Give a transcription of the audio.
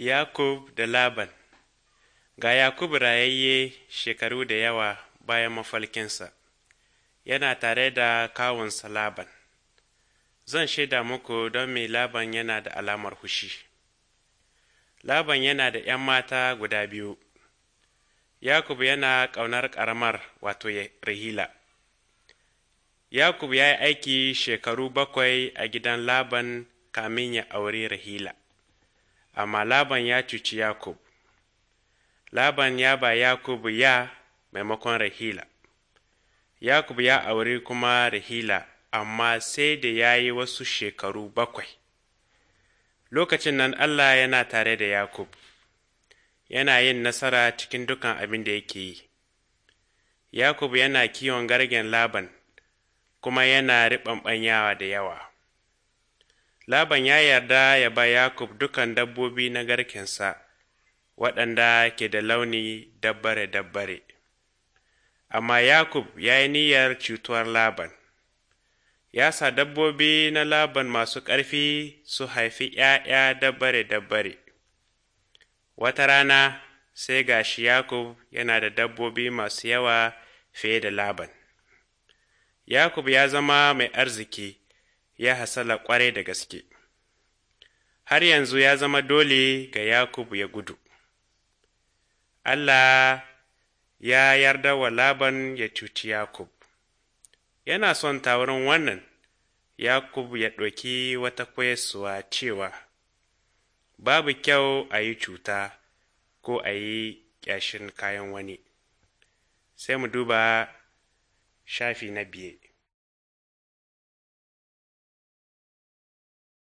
Yakub da Laban Ga Yakub rayayye shekaru da yawa bayan mafalkinsa, yana tare da kawunsa Laban. Zan shaida muku don mai Laban yana da alamar hushi. Laban yana da ‘yan mata guda biyu, Yakub yana ƙaunar ƙaramar wato Rahila. Yakub ya yi aiki shekaru bakwai a gidan Laban kamin ya aure Rahila. amma Laban ya cuci Yakub. Laban ya ba Yakub ya maimakon Rahila. Yakub ya auri kuma Rahila, amma sai da ya yi wasu shekaru bakwai. Lokacin nan Allah yana tare da Yakub, yana yin nasara cikin dukan abin da yake yi. Yakub yana kiwon gargen Laban, kuma yana riɓanɓanyawa da yawa. Laban ya yarda ya ba Yakub dukan dabbobi na garkensa, waɗanda ke da launi dabbare-dabbare. Amma Yakub ya yi niyyar cutuwar Laban, ya sa dabbobi na Laban masu ƙarfi su haifi ‘ya'ya dabbare-dabbare. Wata rana sai gashi Yakub yana da dabbobi masu yawa fiye da Laban. Yakub ya zama mai arziki. ya hasala kwarai da gaske. Har yanzu ya zama dole ga Yakubu ya gudu. Allah ya yarda wa Laban ya cuci Yakub. Yana son ta wannan, Yakub ya ɗauki wata kwayarsuwa cewa, Babu kyau a yi cuta ko a yi ƙyashin kayan wani. Sai mu duba shafi na biye.